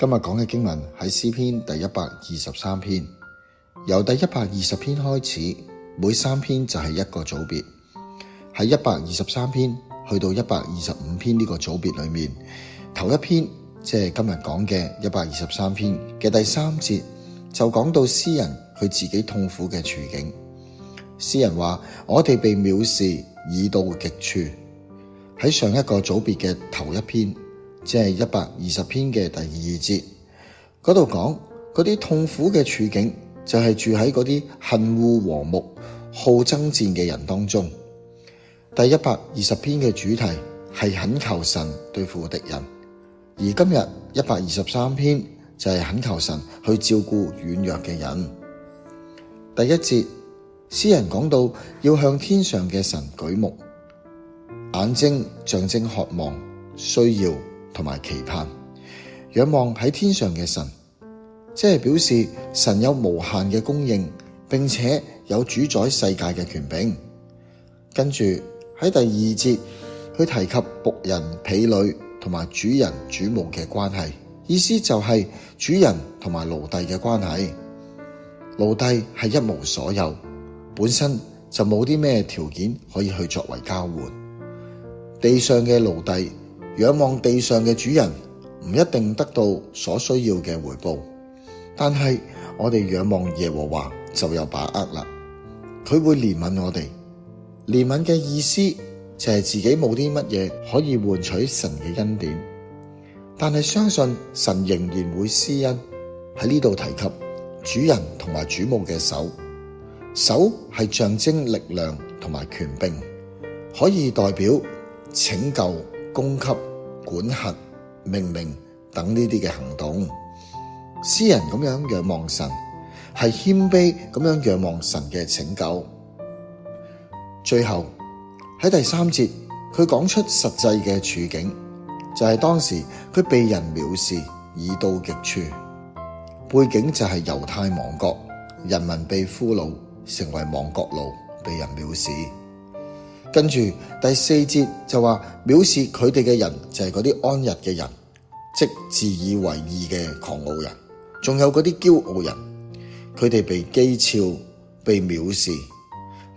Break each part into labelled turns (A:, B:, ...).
A: 今日講嘅經文喺詩篇第一百二十三篇，由第一百二十篇開始，每三篇就係一個組別。喺一百二十三篇去到一百二十五篇呢個組別裏面，頭一篇即係、就是、今日講嘅一百二十三篇嘅第三節，就講到詩人佢自己痛苦嘅處境。詩人話：我哋被藐視，已到極處。喺上一個組別嘅頭一篇。即係一百二十篇嘅第二節嗰度講嗰啲痛苦嘅處境，就係住喺嗰啲恨惡和睦好爭戰嘅人當中。第一百二十篇嘅主題係懇求神對付敵人，而今日一百二十三篇就係懇求神去照顧軟弱嘅人。第一節詩人講到要向天上嘅神舉目，眼睛象徵渴望需要。同埋期盼，仰望喺天上嘅神，即係表示神有無限嘅供應，並且有主宰世界嘅權柄。跟住喺第二節，佢提及僕人婢女同埋主人主母嘅關係，意思就係主人同埋奴隸嘅關係。奴隸係一無所有，本身就冇啲咩條件可以去作為交換。地上嘅奴隸。仰望地上嘅主人唔一定得到所需要嘅回報，但係我哋仰望耶和華就有把握啦。佢會憐憫我哋，憐憫嘅意思就係自己冇啲乜嘢可以換取神嘅恩典，但係相信神仍然會施恩，喺呢度提及主人同埋主母嘅手，手係象徵力量同埋權柄，可以代表拯救。供給、管轄、命令等呢啲嘅行動，詩人咁樣仰望神，係謙卑咁樣仰望神嘅拯救。最後喺第三節，佢講出實際嘅處境，就係、是、當時佢被人藐視，已到極處。背景就係猶太亡國，人民被俘虜，成為亡國奴，被人藐視。跟住第四節就話，藐視佢哋嘅人就係嗰啲安逸嘅人，即自以為義嘅狂傲人，仲有嗰啲驕傲人，佢哋被譏誚、被藐視，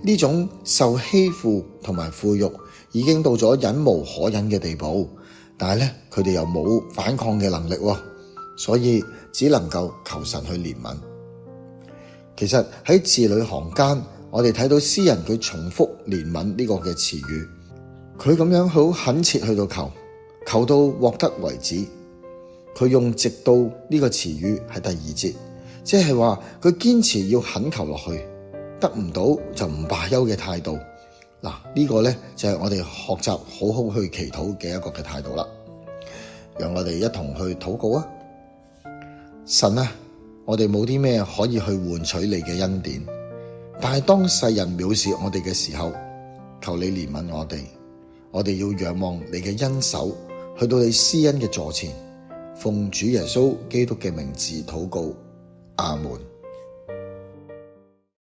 A: 呢種受欺負同埋侮辱已經到咗忍無可忍嘅地步，但係咧佢哋又冇反抗嘅能力，所以只能夠求神去憐憫。其實喺字裏行間。我哋睇到詩人佢重複憐憫呢個嘅詞語，佢咁樣好懇切去到求，求到獲得為止。佢用直到呢個詞語係第二節，即係話佢堅持要懇求落去，得唔到就唔罷休嘅態度。嗱、這個、呢個咧就係、是、我哋學習好好去祈禱嘅一個嘅態度啦。讓我哋一同去禱告啊！神啊，我哋冇啲咩可以去換取你嘅恩典。但係當世人藐視我哋嘅時候，求你憐憫我哋，我哋要仰望你嘅恩手，去到你施恩嘅座前，奉主耶穌基督嘅名字禱告，阿門。